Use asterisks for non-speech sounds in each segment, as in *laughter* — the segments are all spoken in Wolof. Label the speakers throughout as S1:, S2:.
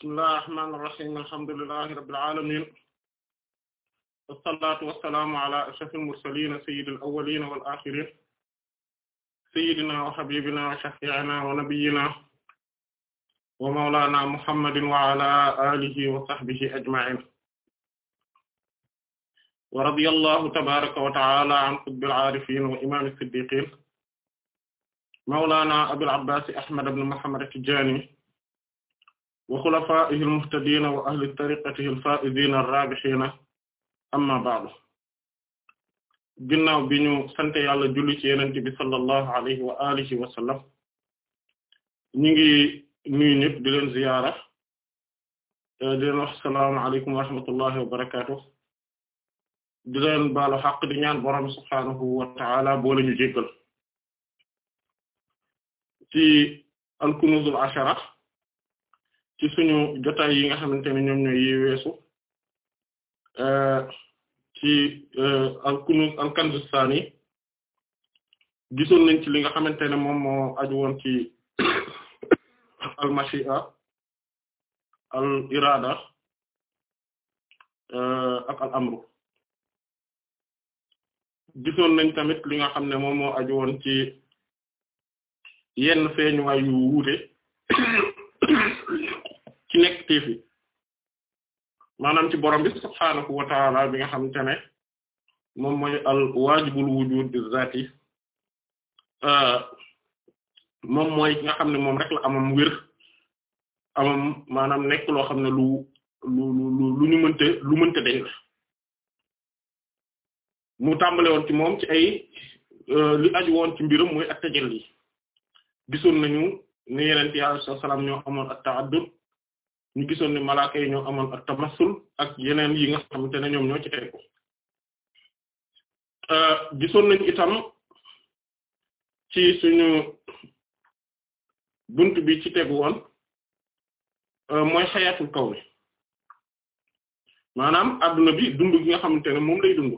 S1: bismillahir rahmanir rahim alhamdulillahi rabbil
S2: alamin wassalatu wassalamu ala ashrafil mursalin sayyidil awwalin wal akhirin sayyidina wa habibina wa shafi'ina wa nabiyyina wa mawlana muhammadin wa ala alihi wa sahbihi ajma'in wa radiyallahu tabaraka wa ta'ala an qutbil arifin wa imam as-siddiqin mawlana abil abbas ahmad ibn muhammad at-tijani wa xulafaa'ihi al wa ahli tariqatihi al-faa'iziina amma ba'du ginnaaw bi ñu sant yàlla julli ci yonent bi sallallahu wa alihi wa sallam ñu ngi nuyu ñëpp di leen ziyaara di leen wax salaamu aleykum wa rahmatullahi di leen baalu xaq di ñaan borom subhaanahu wa ta'ala boole ñu jéggal ci al al-'Ashara ci suñu jotaay yi nga xamante ne ñoom ñooy yi weesu euh, ci euh, al-Kunûz al-Kanz gisoon nañ ci li nga xamante ne moom moo aju woon ci *coughs* al-mashi'a al-irada euh, al-amru gisoon nañ tamit li nga xam ne moom moo aju woon ci yenn feeñuwaay yu wuute ci nekk téefi maanaam ci borom bi subhaanahu wa ta'ala bi nga xamante ne moom mooy al waajibul wujuud zaati euh, moom mooy nga xam ne moom rek la amam wér amam maanaam nekk loo xam ne lu lu lu lu ñu mënte lu mënte dañ mu tàmbale woon ci moom ci ay euh, li aju woon ci mbiram mooy at-tajalli gisoon nañu ne yeneen ci sallallahu alayhi wasallam ñoo amoon at-ta'addud ñu gisoon ne malaaka yi ñoo amoon ak tamassul ak yeneen yi nga xamante ne ñoom ñoo ci teg ko euh, gisoon
S1: nañ itam ci suñu bunt
S2: bi ci tegu woon euh, mooy xayatul kaw ni maanaam adduna bi dund gi nga xamante ne moom lay dund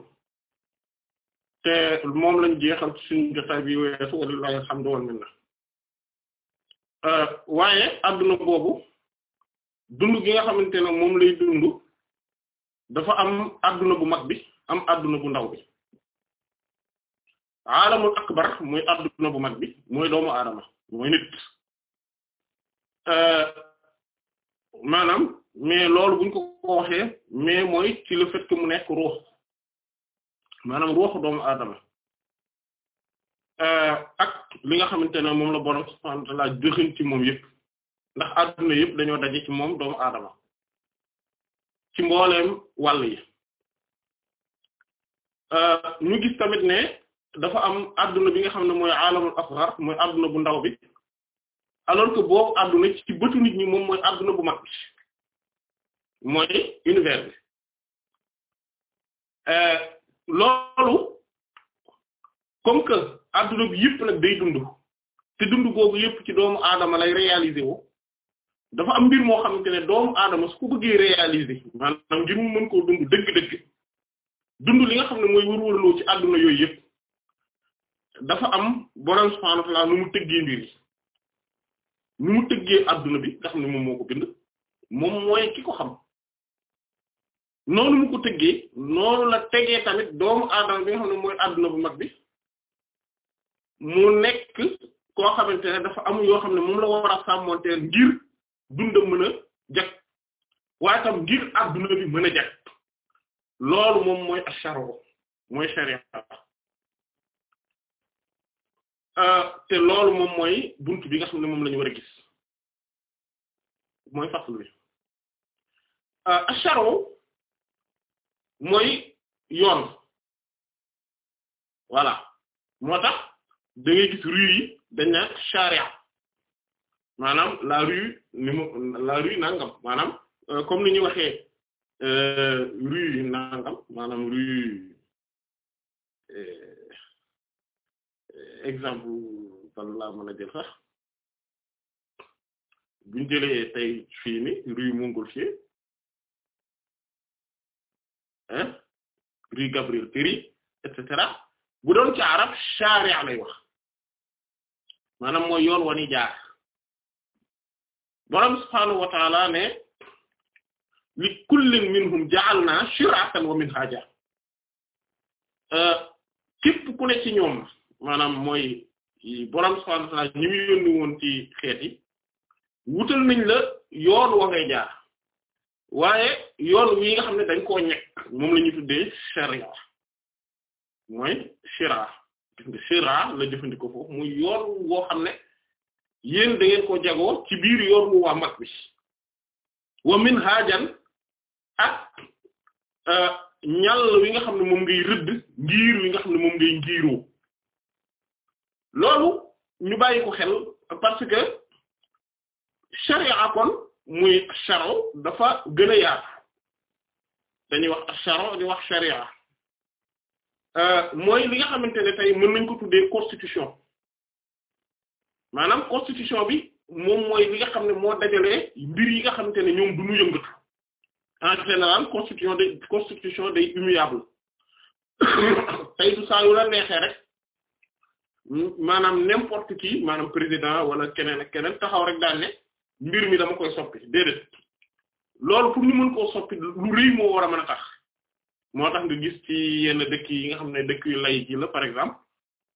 S2: te moom lañ jeexal ci suñu jotaay bi weesu walilahi alhamdu wal minna euh, waaye adduna boobu dund gi nga xamante ne moom lay dund dafa am adduna bu mag bi am adduna bu ndaw bi alamul akbar mooy adduna bu mag bi mooy doomu aadama mooy euh, maanaam mais loolu buñ ko ko waxee mais mooy ci le fait que mu nekk ruux maanaam ruuxu doomu aadama euh, ak li nga xamante ne moom la borom subhanahu wa ta'ala joxin ci moom yëpp ndax adduna yëpp dañoo daje ci moom doomu aadama ci mbooleem wàll yi euh, ñu gis tamit ne dafa am adduna bi nga xam ne mooy alamul asghar mooy adduna bu ndaw bi alors que boobu adduna ci bëtu nit ñi moom mooy adduna bu mag bi mooy univers bi euh, loolu comme que adduna bi yëpp nag day dund te dund googu yëpp ci doomu aadama lay réaliser dafa am mbir moo xamante ne doomu aadama su ko bëggee réaliser ngir mu mën koo dund dëgg-dëgg dund li nga xam ne mooy wër ci àdduna yooyu yëpp dafa am borom subhaanahu wa nu mu tëggee mbir yi nu mu tëggee àdduna bi nga xam ne moom mooy la tegee tamit àdduna bu mag bi mu nekk koo xamante ne dafa am yoo xam ne moom la war a sàmmonteel ngir. dundam mën a jag waaye tam ngir adduna bi mën jag loolu moom mooy asharo mooy sharia euh, te loolu moom mooy bunt bi nga xam ne moom la war a gis
S1: mooy fasl bi euh, asharo mooy yoon voilà
S2: moo tax da gis rue dañ na sharia maanaam la rue nangam maanaam euh, comme ni ñu waxee euh, rue nangam maanaam rue euh, exemple ban laa a jël sax
S1: buñ jëlee tey fii ni rue Montgolfier hein Gabriel Péri et cetera bu doon
S2: ci arab charia lay wax maanaam mooy yoon wani jaar borom subhaanahu wa taala ne li kullin minhum ja'alna shir'atan wa minhaja eh, képp ku ne ci ñoom maanaam mooy borom subhaanahu wa taala ñi mu yónni ci xeet yi wutal nañ la yoon wa ngay jaar waaye yoon wi xam ne dañ koo ñekk moom la ñu tuddee sharia mooy shira gis la jëfandikoo foofu muy yoon woo xam ne. yéen dangeen ngeen ko jagoo ci biir yoon wu waa mag bi wa min haajan ak euh, ñàll wi nga xam ne moom ngay rëdd ngiir wi nga xam ne moom ngay ngiiroo loolu ñu bàyyi ko xel parce que sharia kon muy sharo dafa gën a yaatu dañuy wax di wax sharia euh, mooy li nga xamante ne tey mën nañ ko tuddee constitution maanaam constitution bi moom mooy li nga xam ne moo dajalee mbir yi nga xamante ne ñoom du ñu yëngatu en général constitution day constitution day immuable *coughs* tey du saa la neexee rek maanaam n'importe qui maanaam président wala keneen ak keneen taxaw rek daan ne mbir mi dama koy soppi déedéet loolu pour ñu mën koo soppi lu rëy moo war mën a tax moo tax nga gis ci yenn dëkk yi nga xam ne dëkk yu lay ji la par exemple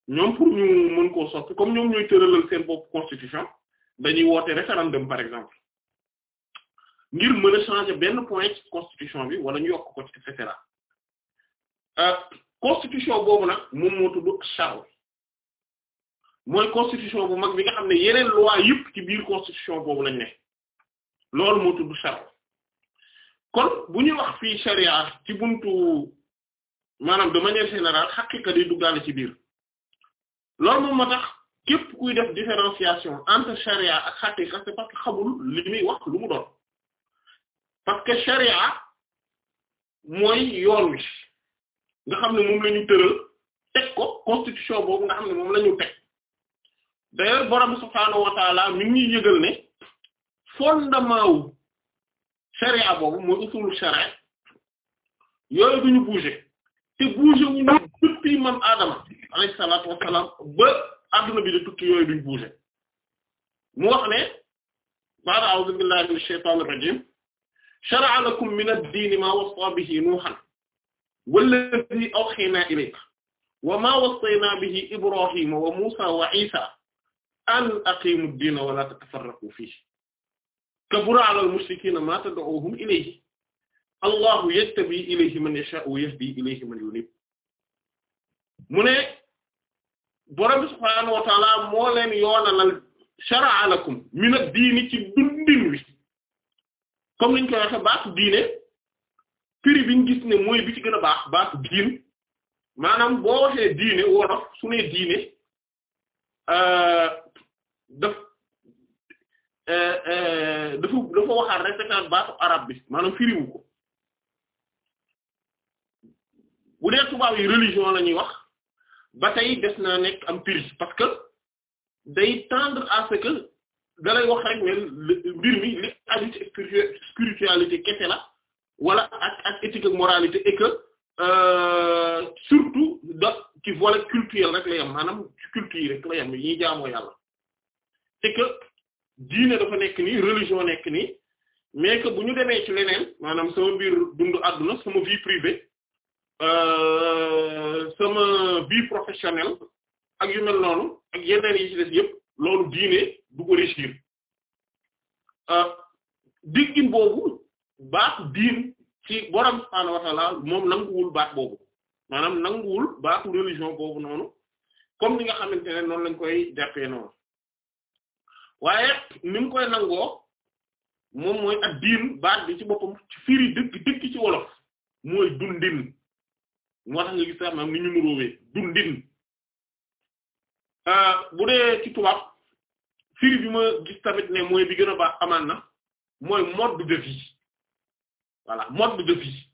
S2: ñoom pour ñu mën koo soppi comme ñoom ñooy tëralal seen bopp constitution dañuy woote référendum par exemple ngir mën a changer benn point constitution bi wala ñu yokk ko ci et cetera euh, constitution boobu nag moom moo tudd charo mooy constitution bu mag bi nga xam ne yeneen loi yëpp ci biir constitution boobu lañu ne loolu moo tudd charo kon bu ñuy wax fii charia ci buntu maanaam de manière générale xaqiqa di duggaale ci biir loolu moom a tax képp kuy def différenciation entre charia ak xaqiqa c'est parce que xamul li muy wax lu mu doon parce que charia mooy yoon wi nga xam ne moom la ñu tëral teg ko constitution boobu nga xam ne moom la ñu teg d'ailleurs borom subhaanahu wa mi ngi yëgal ne fondement wu charia boobu mooy usulu charia yooyu duñu bouger te bouger wuñu depuis mam Adama alayhi salaatu wassalaam ba adduna bi di tukki yooyu duñ bouger mu wax ne ba'da a'uuzu billahi minash shaytaanir rajiim shara'a lakum min ad-diini maa wassaa bihi nuuhan walladhii awhaynaa ilayka wa maa wassaynaa bihi ibraahiima wa muusaa wa iisaa an aqiimu ad-diina wa laa tatafarraquu fiihi kabura 'alal mushrikiina maa tad'uuhum ilayhi allahu yajtabii ilayhi man yashaa'u wa yahdii ilayhi man yuniib mu ne borom bi subhaanahu wa taala moo leen yoonalal shara'a lakum min ad-diini ci dundin wi comme niñ koy waxe baatu diine prix biñ gis ne mooy bi ci gën a baax baatu diin maanaam boo waxee diine wolof su ne diine euh, daf euh, euh, dafa dafa waxaat rek baatu arab bi maanaam firiwu ko bu dee tubaab yi religion lañuy wax ba tey des naa nekk am purge parce que day tendre à ce que da wax rek ne mbir mi li aju ci spiritualité kese la wala ak ak éthique ak moralité et que euh, surtout da ci volet culturel rek la yam maanaam ci rek la yam yi jaamo jaamoo yàlla c'est que diine dafa nekk nii religion nekk nii mais bu ñu demee ci leneen maanaam sama mbir dund àdduna sama vie privée Euh, sama vie professionnelle ak yu mel noonu ak yeneen yi ci des yëpp loolu diine du ko réussir euh, diggin boobu baax diin ci borom subhaanahu wa ta'aala moom nanguwul baat boobu maanaam nanguwul baatu religion boobu noonu comme ni nga xamante ne noonu lañ koy jàppee noonu waaye ni koy nangoo moom mooy ak diin baat bi ci boppam firi dëgg dëgg ci wolof mooy dundin moo tax nga gis sax ni ñu nuróowee dundin euh, bu dee ci tubaab firi bi ma gis tamit ne mooy bi gën a baax amaan na mooy mode de vie voilà mode de vie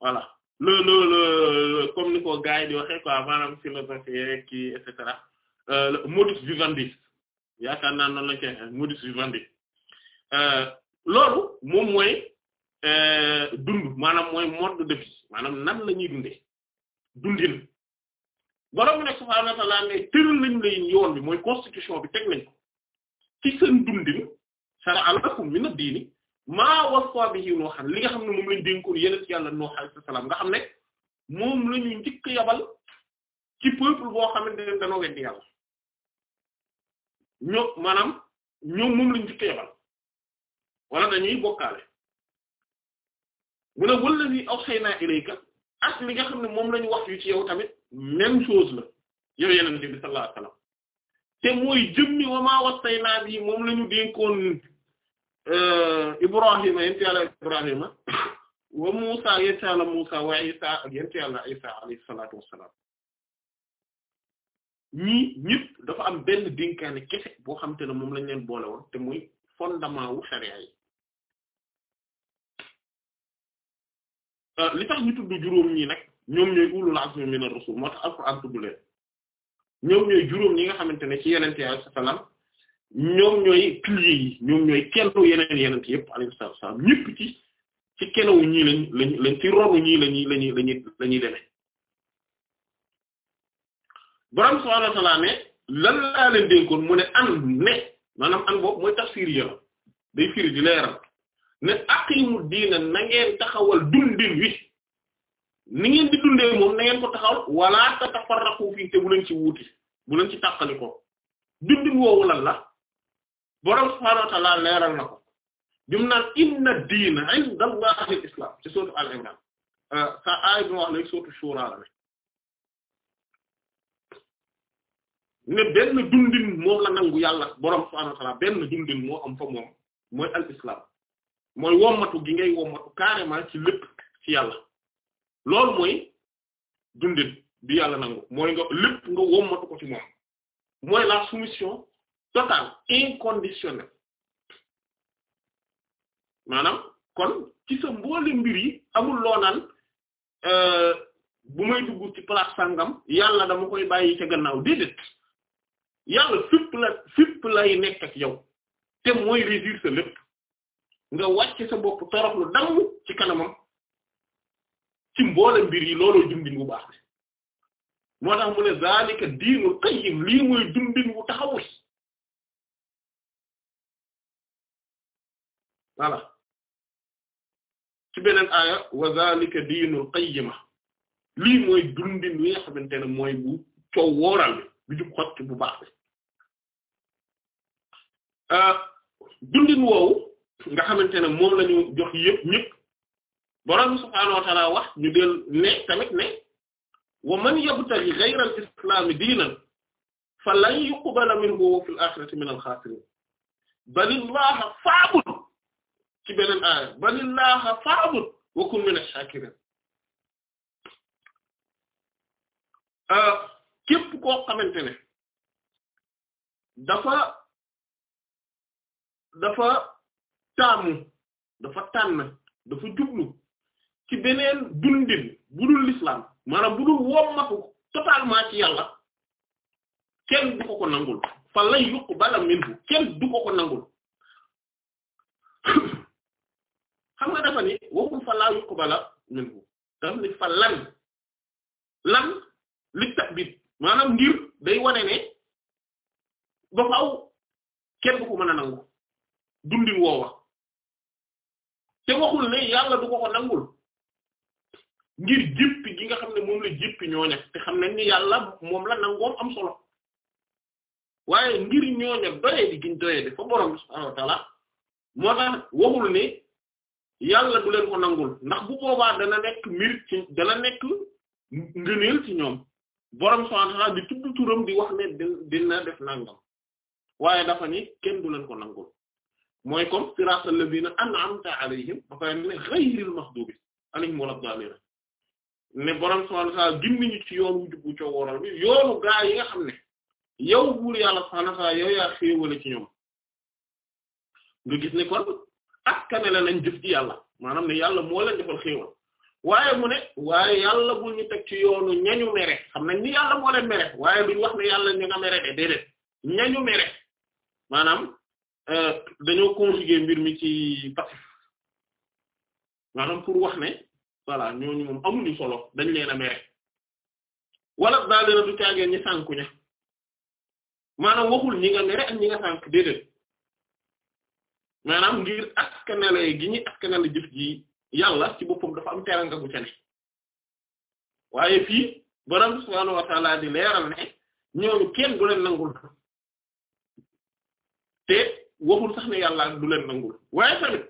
S2: voilà le le comme ni ko gars yi di waxee quoi maanaam philosophie kii et cetera euh, modus vivendi yaakaar naa noonu lañ koy modus vivendi euh, loolu moom mooy Euh, dund maanaam mooy mode de vie maanaam nan la dundee dundin borom ne subhaanahu wa ta'aala ne tëral nañu la yoon bi mooy constitution bi teg nañ ci seen dundin shara'a lakum mina diini maa wasaa bihi Nuuhan li nga xam ne moom lañ dénkoon yeneen ci yàlla nga xam ne moom la ñu yabal ci peuple boo xamante ne dañoo weddi yàlla ñoo maanaam ñoom moom lañ njëkk yabal wala dañuy bokkaale. mu ne wallazi awhaynaa ilayka ak li nga xam ne moom lañu ñu wax yu ci yow tamit même chose la yow yeneen bi sallallahu alayhi wasallam te mooy jëmmi wa maa wasaynaa bi moom lañu ñu dénkoon euh, Ibrahima yent yàlla Ibrahima wa Muusaa yent yàlla Muusaa wa Isaa ak yent yàlla Isaa alayhi salaatu wassalaam ñii ñëpp dafa am benn dénkaane kese boo xam te ne moom lañ leen boole woon te muy fondement wu sharia Euh, li tax ñu tudd juróom ñi nag ñoom ñooy ulul azmi minar rusul moo tax alquran tudd leen ñoom ñooy juróom ñi nga xamante ne ci yenente alayhi salaam ñoom ñooy piliers yi ñoom ñooy kennu yeneen yeneen yëpp alayhi salaam ñëpp ci ci kenewu ñii lañ lañ lañ ci ronu ñii lañuy lañuy lañuy la ñuy demee borom subhaanahu wa ta'aala ne lan laa leen dénkoon mu ne an ne maanaam an boobu mooy tafsiir yi day firi di leeral ne aqimu diina na taxawal dundin wi ni ngeen di dundee moom na ko taxawal wala tatafarraqu fii te bu leen ci wuuti bu leen ci tàqali ko dundin woowu lan la boroom subhaanahu leeral na ko jum inna diina inda Allahi al-islaam ci sourate Al-Imraan sa aay bi ma wax léegi sourate Shura la ne benn dundin moom la nangu yàlla boroom subhaanahu benn dundin moo am fa moom mooy al-islaam mooy wommatu gi ngay wommatu carrément ci lépp ci yàlla loolu mooy dundin bi yàlla nangu mooy nga lépp nga wommatu ko ci moom mooy la soumission totale inconditionnelle maanaam kon ci sa mboole mbir yi amul loo naan euh, bu may dugg ci place sangam yàlla dama koy bàyyi ca gannaaw déedéet yàlla fépp la fépp lay nekk ak yow te mooy régir sa lépp nga wàcc sa bopp toroxlu damm ci kanamam ci mboole mbir yi looloo dundin bu baax bi moo tax mu ne zalika diinul lii mooy dundin wu taxawul
S1: voilà ci beneen
S2: aaya wa zalika diinul qayyima lii mooy dundin wi nga mooy bu coow wooral bi jub xocc bu baax bi euh, dundin woowu nga xamante ne moom la ñu jox yëpp ñëpp borom subhaanahu wax ñu del ne tamit ne wa man yabtaghi ghayra al-islaami diinan falan yuqbala minhu fil aaxirati min al-xaasiriin balillaaha ci beneen aaya balillaaha fa'bud wa kun min ash-shaakiriin euh,
S1: képp koo xamante ne dafa
S2: dafa taamu dafa tànn dafa jublu ci beneen dundin bu dul l'islam maanaam bu dul wommatu totalement ci yàlla kenn du ko ko nangul fa lay yuqbala minhu kenn du ko ko nangul xam nga dafa ni waxul fa laa yuqbala minhu dafa ni fa lan li tabit maanaam ngir day wane ne ba faaw kenn du ko mën nangu dundin woowa te waxul ne yàlla du ko ko nangul ngir jéppi gi nga xam ne moom la jéppi ñooña yàlla moom la nangoom am solo waaye ngir ñooña doye di giñ doye di fa borom subhaanahu wa ta'aala moo tax waxul ne yàlla du leen ko nangul ndax bu boobaa dana nekk mbir ci dana nekk ngëneel ci ñoom borom subhaanahu wa ta'aala di tudd turam di wax ne dina def nangam waaye dafa ni kenn du leen ko nangul mooy comme siraatal lazina an'amta alayhim ba pare ne ghayril maghdubi alayhim wala daalliin ne borom subhaanahu wa ta'aala ci yoon wu jubbu coow yoonu gaa yi nga xam ne yow buur yàlla subhaanahu wa ta'aala yow ci ñoom nga gis ne kon askane la lañ jëf ci yàlla maanaam ne yàlla moo leen defal xéewal waaye mu ne waaye yàlla bul ñu teg ci yoonu ñañu mere xam nañ ni yàlla moo leen mere waaye duñ wax ne yàlla ñu nga mere de déedéet ñañu mere maanaam. Euh, dañoo conjuguer mbir mi ci passif maanaam pour wax ne voilà ñooñu moom amuñu solo dañ leen a mere wala daal dina du caageen ñi sànku ña waxul ñi nga mere ak ñi déedéet maanaam ngir askanale gi ñuy askanale jëf ji yàlla ci boppam dafa am teranga gu ca ne waaye fii borom subhaanahu wa ta'ala di leeral ne ñooñu kenn du nangul te waxul sax ne yàlla du leen nangul waaye tamit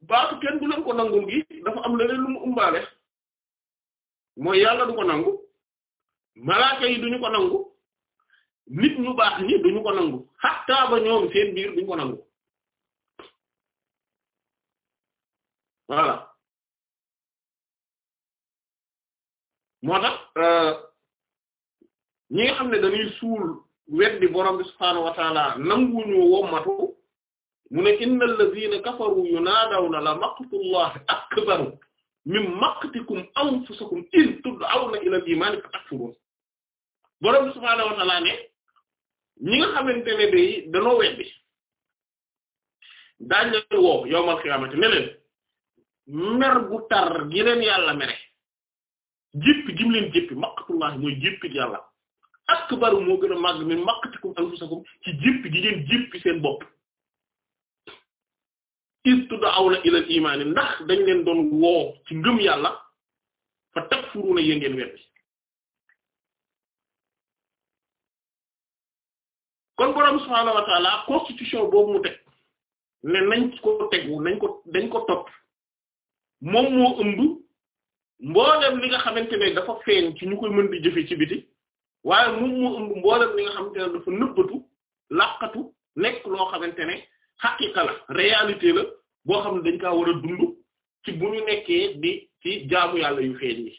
S2: baatu kenn du leen ko nangul gi dafa am leneen lu mu umbaale mooy yàlla du ko nangu malaaka yi duñu ko nangu nit ñu baax ñi duñu ko nangu xattaa ba ñoom seen biir duñu ko nangu voilà
S1: moo tax euh,
S2: ñi nga xam ne dañuy suul weddi borom bi subhaanahu wa taala nanguñu wommatu mu ne innal lazina kafaru yunaadawna la maqtullahi akbaru min maqtikum anfusakum in tud'awna ila al-iman fa takfurun borom bi subhaanahu wa taala ne ñi nga xamante ne danoo weddi daañ leen woo yawmal qiyaamati ne leen mer bu tar gi leen yàlla mere jéppi gim leen jéppi maqtullahi mooy yàlla akbaru moo gën a màgg min maqtikum anfusakum ci jippi gi jippi seen bopp istud'awna ilal imaani ndax dañ leen doon woo ci ngëm yàlla fa takfuruuna yee ngeen weddi
S1: kon borom subhaanahu wa constitution
S2: boobu mu teg ne nañ ko tegu nañ ko dañ ko topp moom moo ëmb mboolem li nga xamante ne dafa feeñ ci ñu koy mën jëfe ci biti waaye moom moo ëmb mboolem li nga xamante ne dafa nëbbatu laqatu nekk loo xamante ne xaqiqa la réalité la boo xam ne dañ kaa war a dund ci bu ñu nekkee di ci jaamu yàlla yu feeñ yi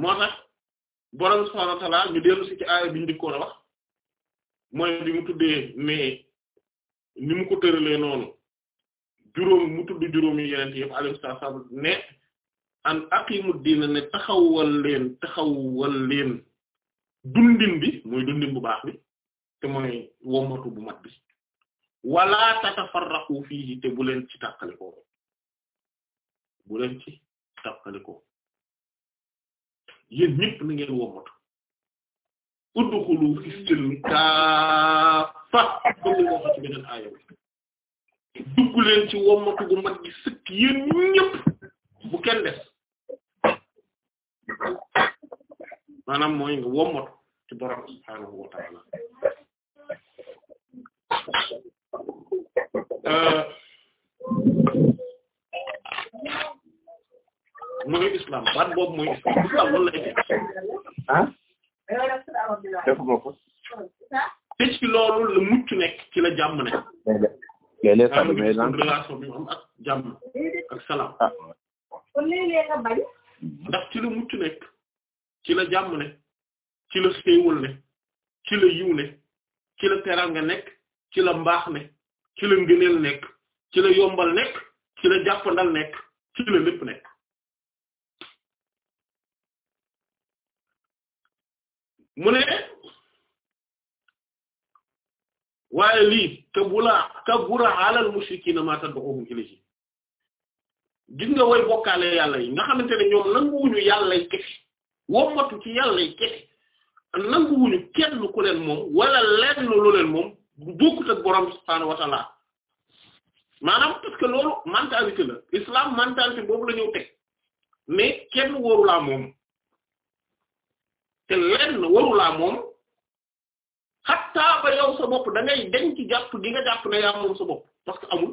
S2: moo tax borom subhaanahu wa ta'aala ñu si ci aaya bi ñu a wax mooy di mu tuddee mais ni mu ko tëralee noonu juróom mu tudd juróomi yeneen yëpp alayhi salaam ne. an aqimu diina ne taxawal leen dundin bi mooy dundin bu baax bi te mooy womatu bu mat bi wala tatafarraqu fiihi te bu leen ci tàqalikoo bu leen ci tàqalikoo yéen ñëpp na ngeen womatu udxulu fi silmi kaafa damu bu kenn des maanaam mooy nga wommot ci borom subhaanahu wa euh, mooy islam baat boobu mooy islam islam loolu lay tekki ko te ci loolu la mucc nekk ci jàmm ne léeg-léeg xam nga relation ak jàmm ak salaam ah. ndax ci la mucc nekk ci la jàmm ne ci la xéewal ne ci la yiw ne ci la teraanga nekk ci la mbaax ne ci la ngëneel nekk ci la yombal nekk ci la jàppandal nekk ci la lépp nekk mu ne waaye lii kabura kabura ala al mushrikina ma tad'uhum ilayhi gis nga way bokkaale yàlla yi nga xamante ne ñoom nanguwuñu yàlla yi kese wommatu ci yàlla yi kese nanguwuñu kenn ku leen moom wala lenn lu leen moom bu bokkut ak borom subhaanahu wa ta'ala maanaam parce que loolu mentalité la islam mentalité boobu la ñëw teg mais kenn warulaa moom te lenn warulaa moom xattaa ba yow sa bopp da ngay denc jàpp gi nga jàpp ne yaa moom sa bopp parce amul.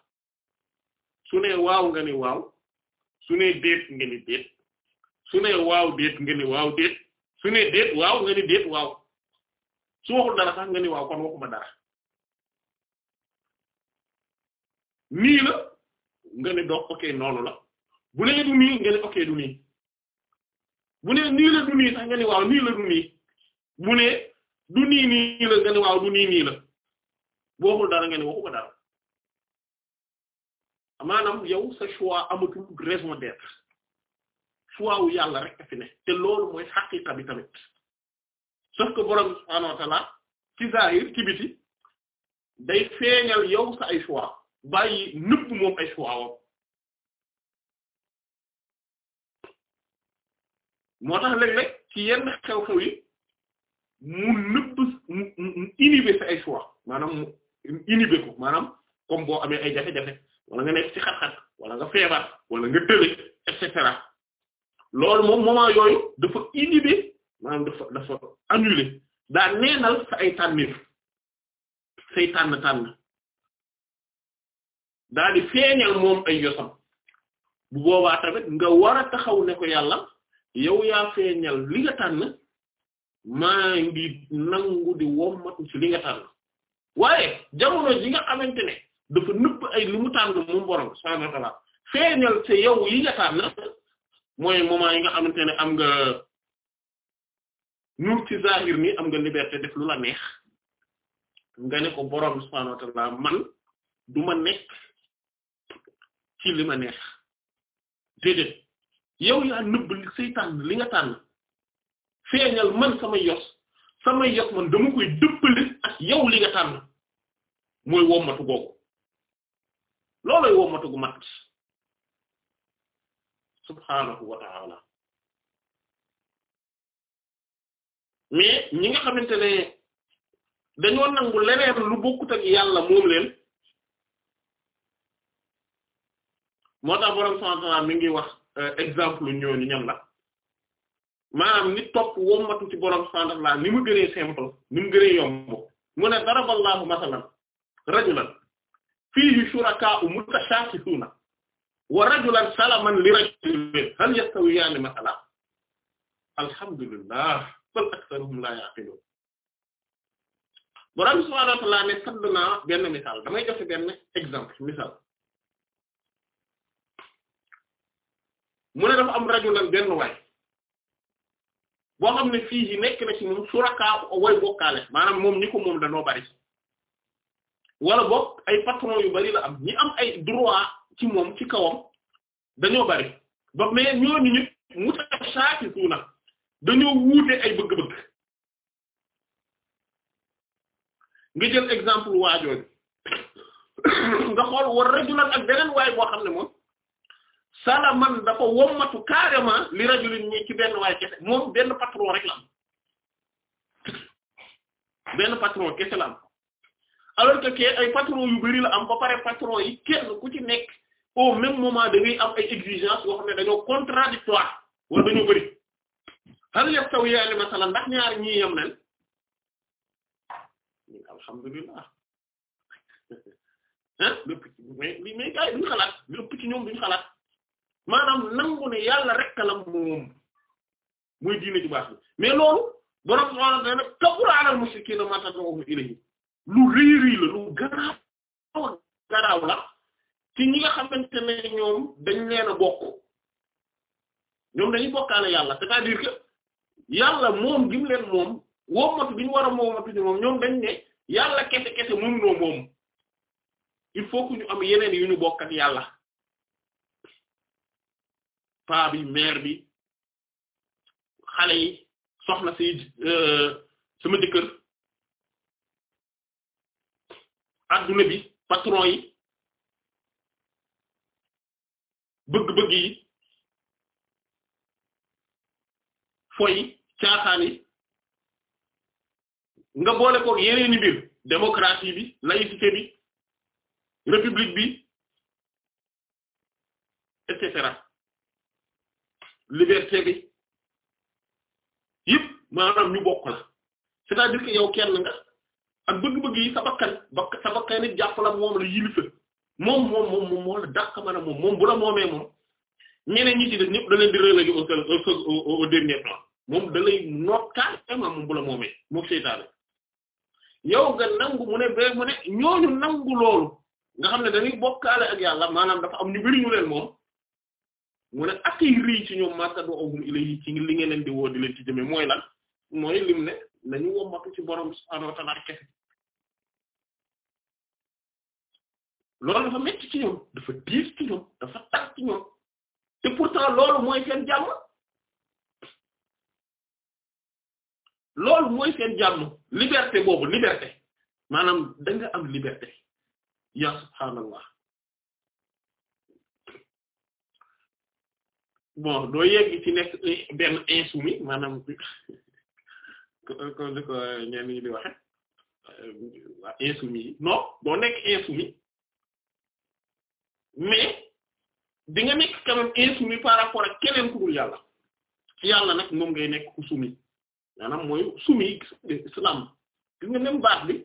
S2: su ne waaw nga ni waaw su ne déet nga ni déet su ne waaw déet nga ni waaw déet su ne déet waaw nga ni déet waaw su waxul dara sax nga ni waaw kon waxuma dara nii la nga ne dox ok noonu la bu nee du nii nga ne ok du nii bu nee nii la du nii sax nga ne waaw du nii nii la nga waxul dara nga ne waxuma dara maanaam yow sa choix amatul raison d'être choix wu yàlla rek fi ne te loolu mooy xaqiqa bi tamit sauf borom subhaanahu wa ta'ala ci zahir biti day feeñal yow sa ay choix bàyyi nëbb moom ay choix moo tax léeg-léeg ci yenn xew-xew mu nëbb mu inhiber ay choix maanaam mu ko maanaam comme boo amee ay jafe-jafe wala nga nekk ci xat-xat wala nga feebar wala nga tële et cetera loolu moom moment yooyu dafa inhiber maanaam dafa dafa annuler daa neenal sa ay tànnif say tànn tànn daa di feeñal moom ay yosam bu boobaa tamit nga war taxaw ne ko yàlla yow yaa feeñal li nga tànn maa ngi nangu di wommatu ci li nga tànn waaye jamono ji nga xamante ne dafa nëbb ay li moom borom subhaanahu wa ta'aala feeñal te yi nga tànn mooy moment yi nga xamante ne am nga nur ci zahir ni am nga liberté def lu la neex nga ne ko borom subhaanahu man du ma nekk ci li neex déedéet yow yaa nëbb li say li nga tànn feeñal man sama yos sama yos man dama koy dëppale ak yow li nga tànn mooy wommatu googu loolooy wommatu gu mat subhaanahu wa mais ñi nga xamante ne dañoo nangu leneen lu bokkut ak yàlla moom leen moo tax borom subhaanahu wa ta'ala mi ngi wax euh, exemple ñooñu ñam la maanaam nit topp wommatu ci borom subhaanahu wa ni mu gënee simple ni mu gënee yomb mu ne daraballaahu masalan rajulan fiihi shurakaa'u mutashaakisuuna wa rajulan salaman li rajulin hal yastawiyaani mathalan alhamdulillah bal aktharuhum laa ya'qiluun borom subhaanahu wa ta'aala ne benn misaal damay joxe benn exemple misaal mu ne dafa am rajulan benn waay boo xam ne fii yi nekk na ci moom shurakaa'u way bokkaale maanaam moom ñi ko moom danoo bari wala boog ay patron yu bari la am ñi am ay droit ci moom ci kawam dañoo bari ba mais ñooñu ñëpp mutashaakikuuna dañoo wuute ay bëgg-bëgg nga jël exemple waajooju nga xool war rajulan ak beneen waay boo xam ne moom salaman dafa wommatu carrément li rajulin ñi ci benn waay kese moom benn patron rek la am benn patron kese la am alors que kee ay patron yu bari la am ba pare patron yi kenn ku ci nekk o même moment da ngay am ay exigence yoo xam ne dañoo contradictoire wala dañoo bari hal yastawi yani masalan ndax ñaar ñii yem nañ alhamdulillah ah lépp ci mais li duñ xalaat lépp ci ñoom duñ xalaat maanaam nangu ne yàlla rek la moom muy diine ju baax bi mais loolu borom subhaanahu wa ta'aala kabura ala al mushrikiina maa tad'uuhum ilayhi lu rëy la lu garaaw la ci ñi nga ñoom dañ leen a bokk ñoom dañuy bokkaale yàlla c'est-à-dire que yàlla moom gim leen moom woomatu bi ñu war a moom ñoom yeneen yu ñu bokk ak paa bi mère bi xale yi soxna si
S1: euh, sama jëkkër adduna bi patron yi bëgg-bëgg yi
S2: foy caaxaan yi nga boole ko yeneeni mbir démocratie bi laïcité bi république bi et liberté bi yëpp maanaam ñu bokk la c'est-à-dire que yow kenn nga ak bëgg-bëgg yi sa bakkan ba sa bakkan jàpp la moom la yilifa moom moom moom moom moo a moom moom bu la moom ñeneen ñëpp da leen di relégué au moom da lay noot carrément moom bu la moomee moom seytaane yow nga nangu mu ne ba mu ne ñooñu nangu loolu nga xam ne dañuy bokkaale ak yàlla maanaam dafa am ñu bari leen moom mu ne ak ay rii ci ñoom màkka doo agum ila ci li ngeen leen di woo di leen ci jëmee mooy lan mooy lim ne nañu wommatu ci borom subhaanahu wa ta'aala kese loolu dafa metti ci ñoom dafa diis ci ñoom dafa tar ci ñoom te pourtant loolu mooy seen jàmm loolu mooy seen jàmm liberté boobu liberté maanaam da am liberté ya subhaanallah bon doo yegg ci nekk benn insoumis maanaam que li ko ñenn ñi di waxe insoumis yi non doo nekk insoumis mais di nga nekk quand même par rapport ak keneen ku dul yàlla yàlla nag moom ngay nekk ku soumis maanaam mooy soumis islam gis nga nem baat bi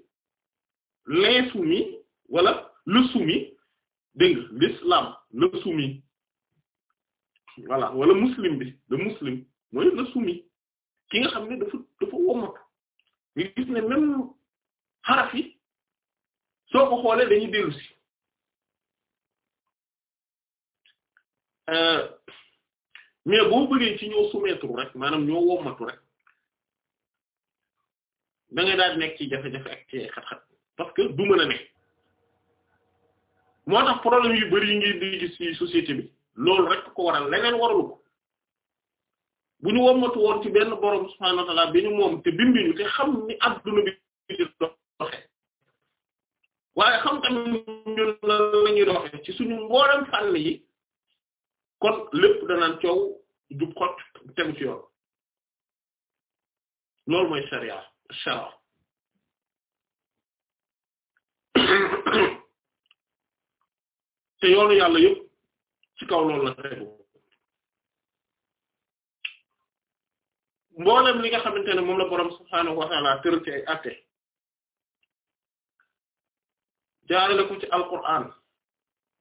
S2: l'insoumis wala le soumis dégg l'islam le soumis voilà wala muslim bi le muslim mooy le soumis ki nga xam ne dafa dafa womatu nga gis ne même xaraf yi soo ko xoolee dañuy dellu si euh, mais boo bëggee ci ñoo soumettre rek maanaam ñoo womatu rek da daal nekk ci jafe-jafe ak ci xat-xat parce que du mën a nekk moo tax problème yu bari yi ngi di gis ci société bi loolu rek ko waral leneen waralu ko bu ñu wommatu woon ci benn borom subhaanahu wa bi ñu moom te binduñu te xam ni adduna bi di doxe waaye xam tamit ñun la lañuy doxe ci suñu mboolem fànn yi kon lépp danaan coow jub xot tegu ci yoon
S1: loolu mooy sharia sharia *coughs*
S2: te yoonu yàlla yëpp ci kaw loolu la tegu mboolem li nga xamante moom la borom subhaanahu wa ta'ala ci ay atte jaarale ko ci alquran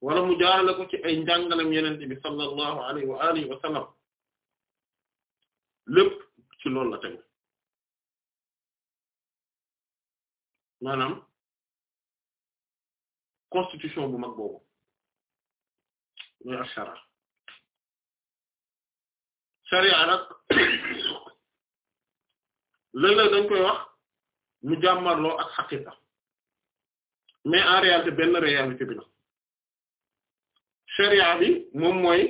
S2: wala mu jaarale ko ci ay njàngalam yeneen bi sallallahu alayhi wa alihi lépp ci loolu la tegu
S1: maanaam constitution bu mag boobu mooy ashara sharia nag
S2: loolu léeg dañ koy wax mu jàmmarloo ak xaqiqa mais en réalité benn réalité bi la sharia bi moom mooy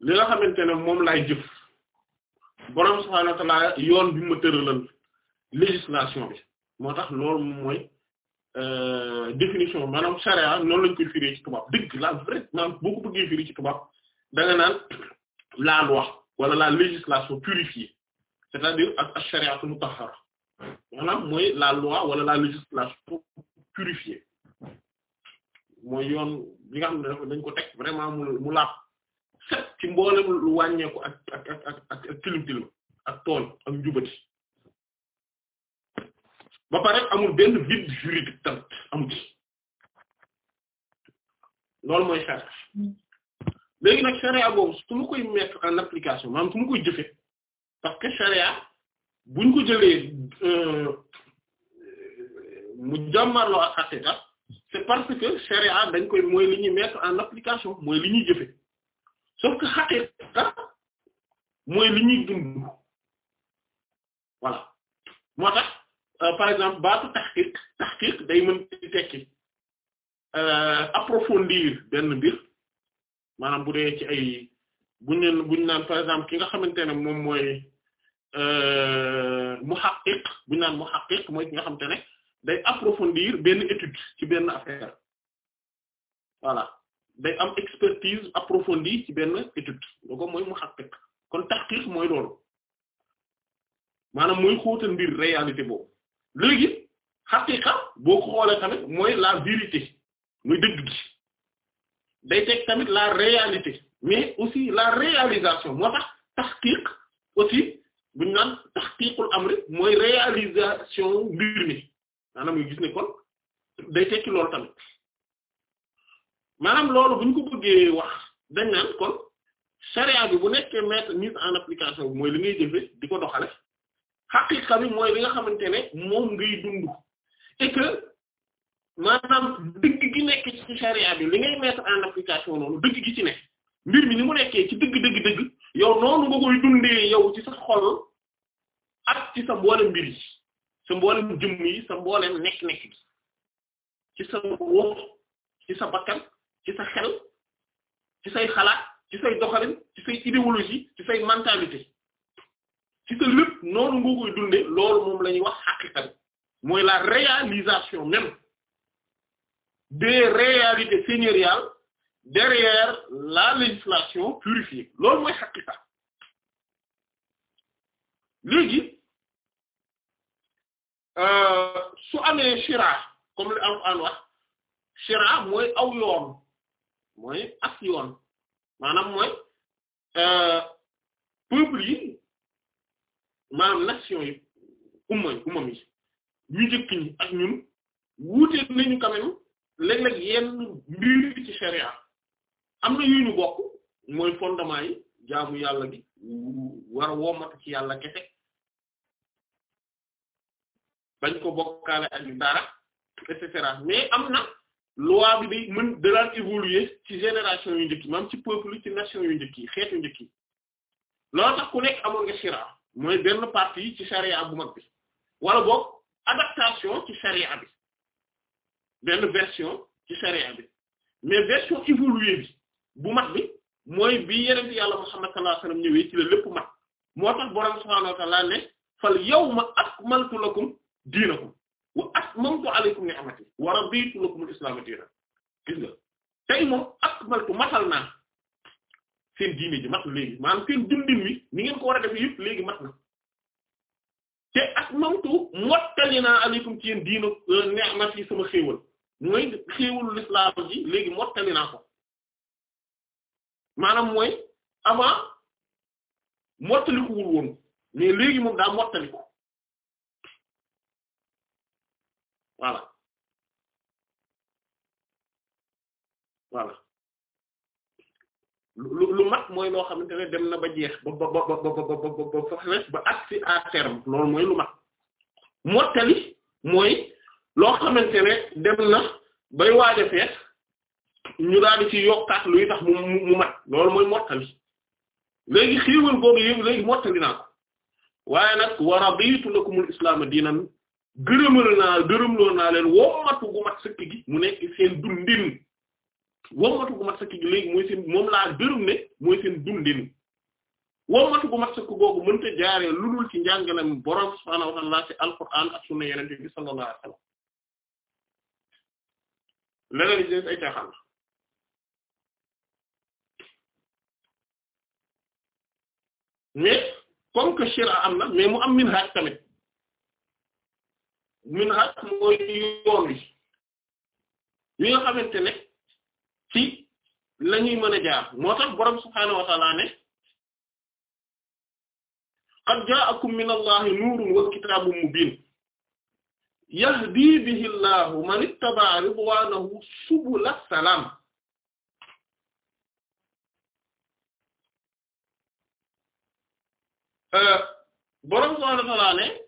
S2: li la xamante ne moom laay jëf borom subhaanahu wa yoon bi ma tëralal législation bi moo tax loolu moom mooy euh, définition maanaam sharia noonu lañ koy firi ci tubaab dëgg la vraiment boo ko bëggee firi ci tubaab da naan la loi wala la législation purifiée c'est-à-dire ak ash-shari'atu mutahhara maanaam mooy la loi wala la législation purifiée mooy yoon bi nga xam ne dañ ko teg vraiment mu mu laab set ci mboolem lu wàññeeku ak ak ak ak ak tilim ak tool ak njubati ba pare amul benn vide juridique tam amul loolu mooy charia hmm. léegi nag charia boobu su koy mettre en application maanaam su koy jëfee parce que charia buñ ko jëlee euh, mu jàmmarloo ak xaqiqa c'est parce que charia dañ koy mooy li ñuy mettre en application mooy li ñuy jëfe sauf que xaqiqa mooy li ñuy dund voilà moo tax euh, par exemple baatu taxqiq taxqiq day mën tekki euh, approfondir benn mbir maanaam bu dee ci ay buñ leen buñ naan par exemple ki nga xamante ne moom mooy euh, muhaqqiq buñ naan muhaqqiq mooy ki nga xamante ne day approfondir benn étude ci benn affaire voilà day am expertise approfondie ci benn étude loolu mooy muhaqqiq kon tahqiq mooy loolu maanaam mooy xóotal mbir réalité boobu léegi haqiqa boo ko xoolee tamit mooy la vérité muy dëgg gi day teg tamit la réalité mais aussi la réalisation moo tax tahqiq aussi bu ñu naan tahqiqul amri mooy réalisation mbir mi maanaam nga gis ne kon day tekki loolu tamit maanaam loolu bu ñu ko bëggee wax dañ naan kon charia bi bu nekkee mettre mise en application mooy li ngay jëfe di ko doxale xaqiqa bi mooy li nga xamante ne moom ngay dund et que maanaam dëgg gi nekk ci charia bi li ngay mettre en application loolu dëgg gi ci nekk mbir mi ni mu nekkee ci dëgg dëgg dëgg yow noonu nga koy dundee yow ci sa xol ak ci sa mboolem mbir yi sa mboolem jëmm yi sa mboolem nekk-nekk bi ci sa wóof ci sa bakkan ci sa xel ci say xalaat ci say doxalin ci say idéologie ci say mentalité ci sa lépp noonu nga koy dundee loolu moom la wax xaqiqa bi mooy la réalisation même des réalités seigneuriales derrière la législation purifiée loolu mooy xaqiqa léegi euh, su amee shira comme li Alxuraan wax shira mooy aw yoon mooy ak yoon maanaam mooy euh, peuple yi maanaam nation yi umma yi umam yi ñu njëkk ñi ak ñun wuute nañu quand même léeg yenn mbir ci sharia am na yu ñu bokk mooy fondement yi jaamu yàlla gi war a wommat ci yàlla kese bañ ko bokkaale ak dara et cetera mais am na loi bi day mën dalaan évoluer ci génération yu njëkk yi maanaam ci peuple ci nation yu njëkk yi xeetu njëkk yi loolu tax ku nekk amoon nga shira mooy benn partie ci charia bu mag bi wala boog adaptation ci charia bi benn version ci charia bi mais version évoluée bi bu mat bi mooy bi yeneen yàlla Muhammad sallallahu alayhi wasallam ñëwee ci la lépp mat moo tax borom subhaanahu wa ta'aala ne fal yawma akmaltu lakum diinakum wa atmamtu alaykum ni'mati wa raditu lakum al-islaama diinan gis nga tey moom akmaltu matal naa seen diine ji mat léegi maanaam seen dundin wi ni ngeen ko war a defee yëpp léegi mat na te atmamtu mottali naa alaykum ci yéen diina euh, ni'mati sama xéewal mooy xéewalu lislaam ji léegi mottali naa ko. maanaam mooy avant mottalikuwul woon mais léegi moom daa mottaliku voilà voilà lu lu mat mooy loo xamante ne dem na ba jeex ba ba ba ba ba ba agsi à terme loolu mooy lu mat mottali mooy loo xamante ne dem na bay waaj fees ñu daal di ci yokkaat luy tax mu mu mat loolu mooy mottali léegi xéewal googu yëpp léegi mottali naa ko waaye nag wa raditu lakumul islaama diinan gërëmal naa gërëmloo naa leen gu mat sëkk gi mu nekk seen dundin wommatu gu mat sëkk gi léegi mooy seen moom laa gërëm ne mooy seen dundin wommatu gu mat sëkk googu mënta jaaree lu dul ci njàngalam borom subhaanahu wa ta'aala ci ak sunna yonent bi sallallahu alayhi wa mais comme que shira am na mais mu am minhaj tamit minhaj mooy yoon wi yi nga xamante ne ci la ñuy mën a jaar moo tax boroom subhaanahu wa ta'aala ne qad jaa'akum min allahi nuurun wa kitaabun mubiin yahdi bihi llahu man ittaba'a ridwaanahu subula salaam Euh, borom subhaanahu wa ta'aala ne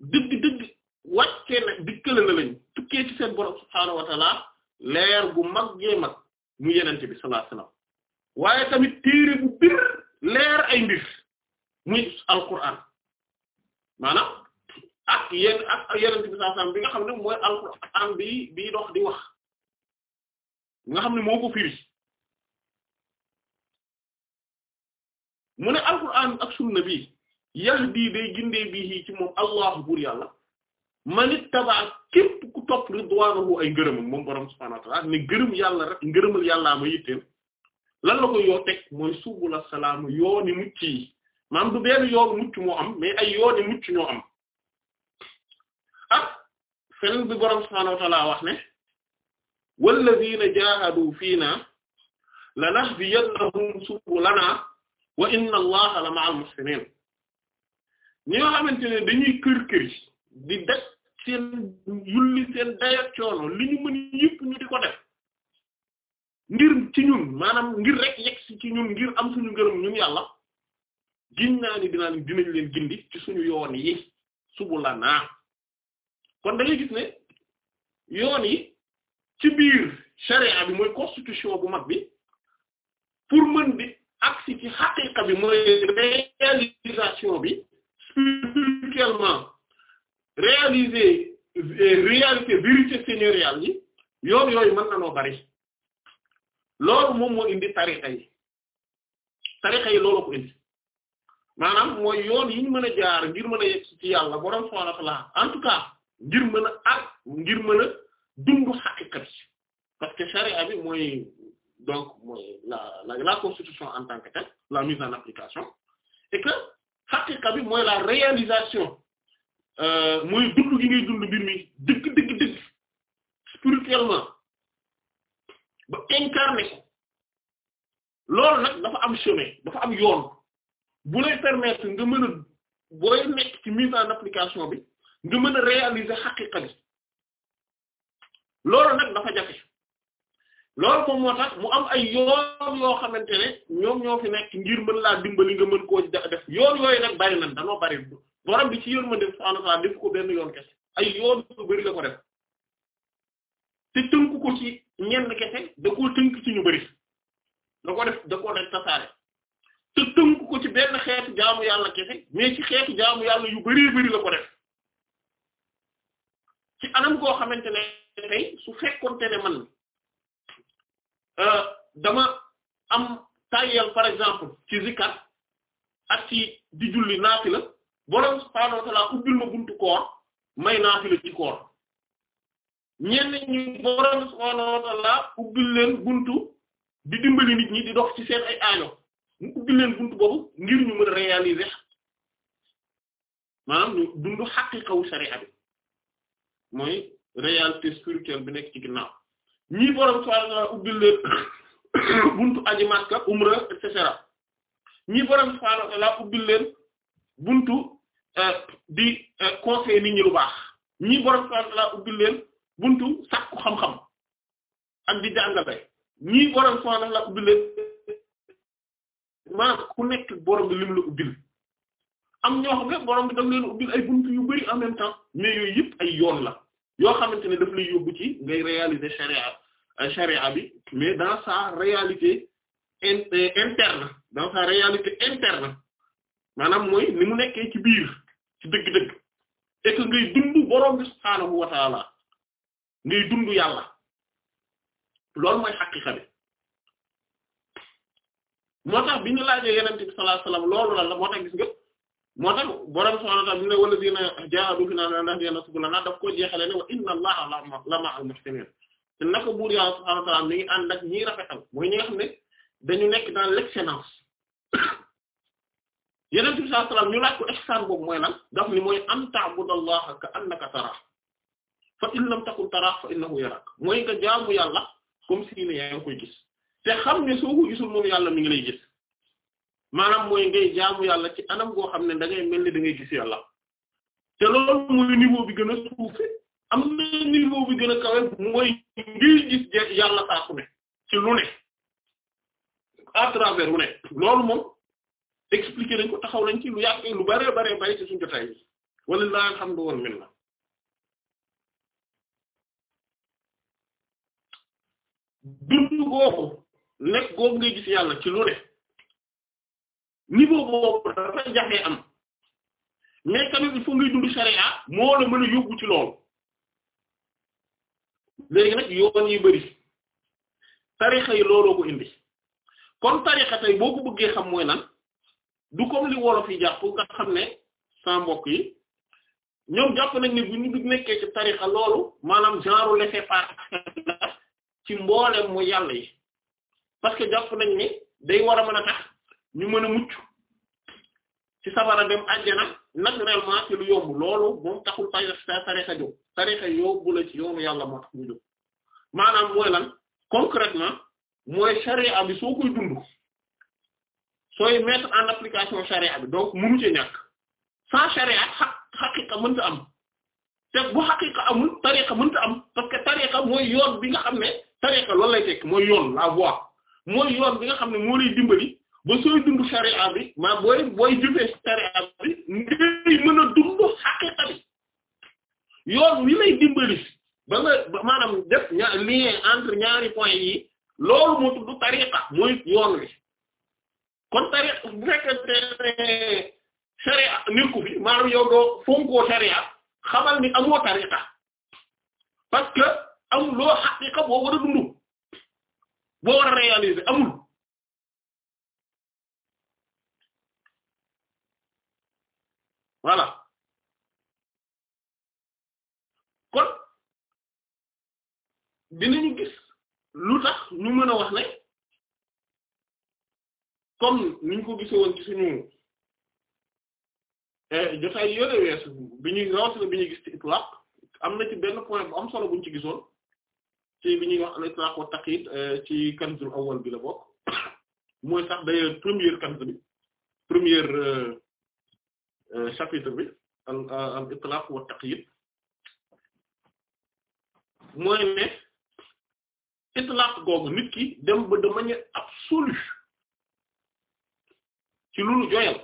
S2: dëgg-dëgg dikkale na lañ tukkee ci seen borom subhaanahu wa leer gu mag gee mag mu yenente bi sallallahu waaye tamit téere bu bir leer ay mbir muy alquran maanaam ak yenn ak bi sallallahu bi nga xam ne mu alquran bi bi dox di wax nga xam ne moo ko firi mu ne alquran ak sunna bi yahdi day gindee bii ci moom allahu buur yàlla manit tabaa képp ku topp ridwaanahu ay ngërëmam moom borom subhaanahu wa ta'aala ne ngërëm yàlla ma yitteel lan ko yoo teg mooy subula salaam yooni mucc maam du benn yoonu mucc moo am mais ay yooni mucc ñoo am ak feneen bi borom subhaanahu wa ta'aala wax ne wallaziina jaahadu fiinaa lanahdiyanahum subulanaa wa inna allaha la ma'al muhsinin ñi nga xamante ne dañuy kër kër di def seen yulli seen dayak coono li ñu mën yëpp ñu di ko def ngir ci ñun maanaam ngir rek yegg ci ñun ngir am suñu ngërëm ñun yàlla gin naa ni dinaa dinañ leen gindi ci suñu yoon yi subu la naa kon da gis ne yoon yi ci biir charia bi mooy constitution bu mag bi pour mën di ak si ci xaqiqa bi mooy réalisation bi spirituellement réaliser réalité vérité seigneuriale yi yoon yooyu mën na noo bari loolu moom moo indi tarixa yi tarixa yi loolu ko indi maanaam mooy yoon yi mën a jaar ngir mën a yegg ci yàlla borom subhaanahu wa ta'aala en tout cas ngir mën a ak ngir mën a dund xaqiqa bi parce que charia bi mooy donc mooy la la la constitution en tant que telle la mise en application et que haqiqa bi mooy la réalisation euh, mooy dund gi ngay dund mbir mi dëgg dëgg dëgg spirituellement ba incarné ko nag dafa am chemin dafa am yoon bu lay permettre nga mën a booy nekk ci mise en application bi nga mën a réaliser haqiqa bi loolu nag dafa jafe loolu moom moo tax mu am ay yoon yoo xamante ne ñoom ñoo fi nekk ngir mën laa dimbali nga mën koo def yoon yooyu nag bari nañ danoo bari borom bi ci yërmande subhaanahu wa ta'aala def ko benn yoon kese la ko def te tënk ko ci ñenn kese da koo tënk ci ñu bari da ko def da koo def tasaare te tënk ko ci benn xeetu jaamu yàlla kese mais ci xeetu jaamu yàlla yu bari bari la ko def ci anam koo xamante ne tey su fekkonte ne man Euh, dama am tàyyeel par exemple ci zikkar ak ci di julli naafila boroom subhaanahu wa ta'aala ubbil ma buntu koor may naafila ci koor ñenn ñi boroom subhaanahu wa ta'aala ubbil leen buntu di dimbali nit ñi di dox ci seen ay aajo mu ubbil leen buntu boobu ngir ñu mën a réaliser maanaam ñu dund xaqiqawu sariya bi mooy réalité spirituelle bi nekk ci ginnaaw *coughs* ñii borom subhaanahu wa ta'aala ubbil leen buntu aji euh, Makka euh, conseil nit ñi lu baax ñii borom subhaanahu wa ta'aala leen buntu sakku xam-xam ak di jàngale ñii borom subhaanahu wa ta'aala ku nekk borom bi lim la ubbil am ñoo xam ne borom bi daf leen ubbil ay buntu yu bari en même temps mais yooyu yëpp ay yoon la yoo xamante ne daf lay yóbbu ci ngay réaliser charia Euh, charia bi mais dans sa réalité euh, interne dans sa réalité interne maanaam mooy ni mu nekkee dëgg-dëgg et que ngay dund boroom bi subhaanahu ngay dund yàlla loolu mooy xaqiqa bi moo tax bi ñu laajee yenente bi sallallahu alayhi wasallam loolu la moo tax gis nga moo tax boroom subhaanahu wa bi ne wala dina jaadu fi na ndax daf koo jeexale wa inna allaha la ma'al muhsinin te naka buur yàlla subhaanahu wa ta'aala mi ngi ànd ak ñiy rafetal mooy ñi ne dañu nekk dans lekk yeneen bi sallallahu alayhi wasallam ñu laaj ko ihsaan boobu mooy lan daf ni mooy an ta'budallaha ka annaka taraah fa in lam takun fa innahu yaraak mooy nga jaamu yàlla comme si yaa ngi koy gis te xam ne soo ko gisul moom yàlla mi ngi lay gis maanaam mooy ngay jaamu yàlla ci anam goo xam ne da ngay mel ni da gis yàlla te loolu mooy niveau bi gën a suufee am na niveau bi gën a kawe mooy ngay gis yàlla saa su ci lu ne à travers ne loolu moom expliqué nañ ko taxaw nañ ci lu yàgg lu bare bare bare ci suñu jotaay bi wala laa alhamdu wal minna
S1: dund googu nekk googu ngay gis yàlla ci
S2: lu ne niveau boobu dafa jaxee am mais tamit il ngay dund sharia moo la mën a yóbbu ci loolu léegi nag yoon yi bëri tarixa yi looloo ko indi kon tarixa tey boo ko bëggee xam mooy lan du comme li wolof yi jàpp nga xam ne sa mbokk yi ñoom jàpp nañ ne bu ñu du nekkee ci tarixa loolu maanaam genre laissez-passer la ci mbooleem mu yàlla yi parce jàpp nañ ne day war mën a tax ñu mën a mucc ci safara dem àjjana naturellement ci lu yomb loolu moom taxul fay sa tarixa jóg tarixa yóbbu la ci yoonu yàlla moo tax mu jóg maanaam mooy lan concrètement mooy charia bi soo koy dund sooy mettre en application charia bi donc mënu ci ñàkk sans charia xaq xaqiqa mënta am te bu xaqiqa amul tariqa mënta am parce que tariqa mooy yoon bi nga xam ne tariqa loolu lay tekk mooy yoon la voie mooy yoon bi nga xam ne moo lay dimbali ba sooy dund sharia bi maa booy booy jëfee sharia bi ngay mën a dund xaqiqa bi yoon wi lay dimbali ba nga maanaam def lien entre ñaari point yi loolu moo tudd tariqa mooy yoon wi kon tariqa bu fekkente sharia nekku fi maanaam yow doo sharia xamal ni amoo tariqa parce que amul loo xaqiqa boo war dund boo war a amul ni ñu ko gisee ci suñu eh, jotaay yore weesu bi ñuy rawatina bi ñuy gis ci itlaq am na ci benn point bu am solo buñ ci gisoon ci bi ñuy wax al itlaq wa taqyid eh, ci kanzul awwal bi la bokk *coughs* mooy sax d'ailleurs première kanz première eh, chapitre bi al itlaq wa taqyid mooy ne itlaq googu nit ki dem ba de manière absolue ci lulu joyal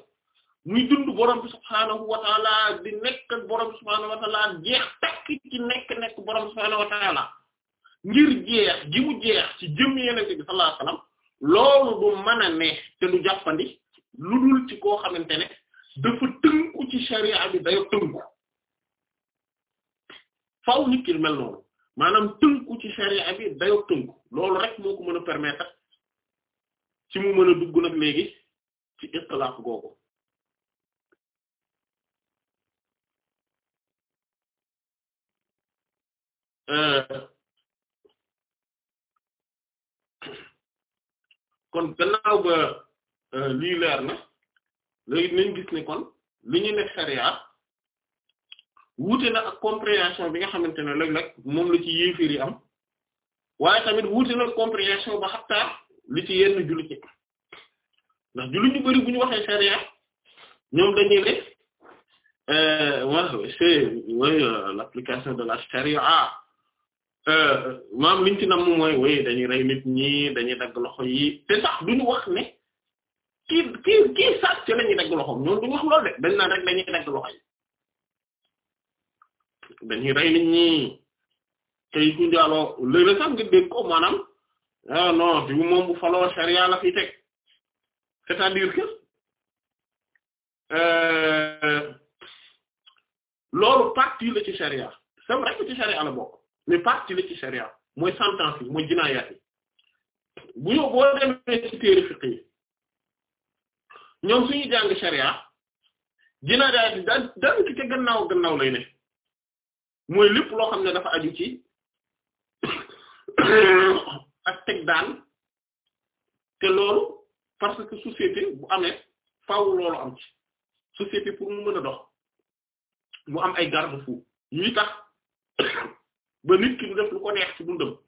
S2: muy dund borom bi subhaanahu wa di nekk ak bi subhaanahu wa ngir jeex gi mu jeex ci jëm yenente bi sallallahu alayhi wasallam loolu du mën a ne te du jàppandi lu dul ci koo xamante ne dafa tënku ci sharia bi dayo tënku faw nit ki mel noonu maanaam tënku ci sharia bi dayo tënku loolu rek moo ko mën a permettre ci mu mën a dugg nag léegi ci itlaq googu
S1: euh, kon gannaaw ba
S2: euh, lii leer na léegi nañ gis ne kon li ñu ne sariya wuute na ak compréhension bi nga xamante ne léeg-léeg moom la ci yéeféer am waaye tamit wuute na compréhension ba xataa li ci yenn jullit yi ndax jullit ñu bari bu ñoom dañuy ne euh, voilà c'est oui euh, l'application de la sharia euh, maam liñ ci nam mooy oui dañuy nit ñi dañuy dagg loxo yi te sax duñu wax ne kii kii sax ci lañuy dagg loxo ñoom duñu wax loolu de dañ naan rek dañuy dagg loxo yi dañuy ñi tey ku njaaloo léeg sax nga dégg ko maanaam ah non diw moom bu faloo sharia la fi c'est-à-dire que euh, loolu partie la ci charia c'est vrai ci charia la bokk mais partie la ci charia mooy sentence yi mooy jinaayaat yi bu ñu boo demee ci téere fiqh yi ñoom suñu jàng charia jinaayaat yi daan daan ci gannaaw gannaaw lay ne mooy lépp loo xam ne dafa aju ci *coughs* ak teg daan te loolu parce que société bu amee faaw loolu am société pour mu mën a dox mu am ay garde-fous ñuy tax *coughs* ba nit ki du def lu ko neex ci dundam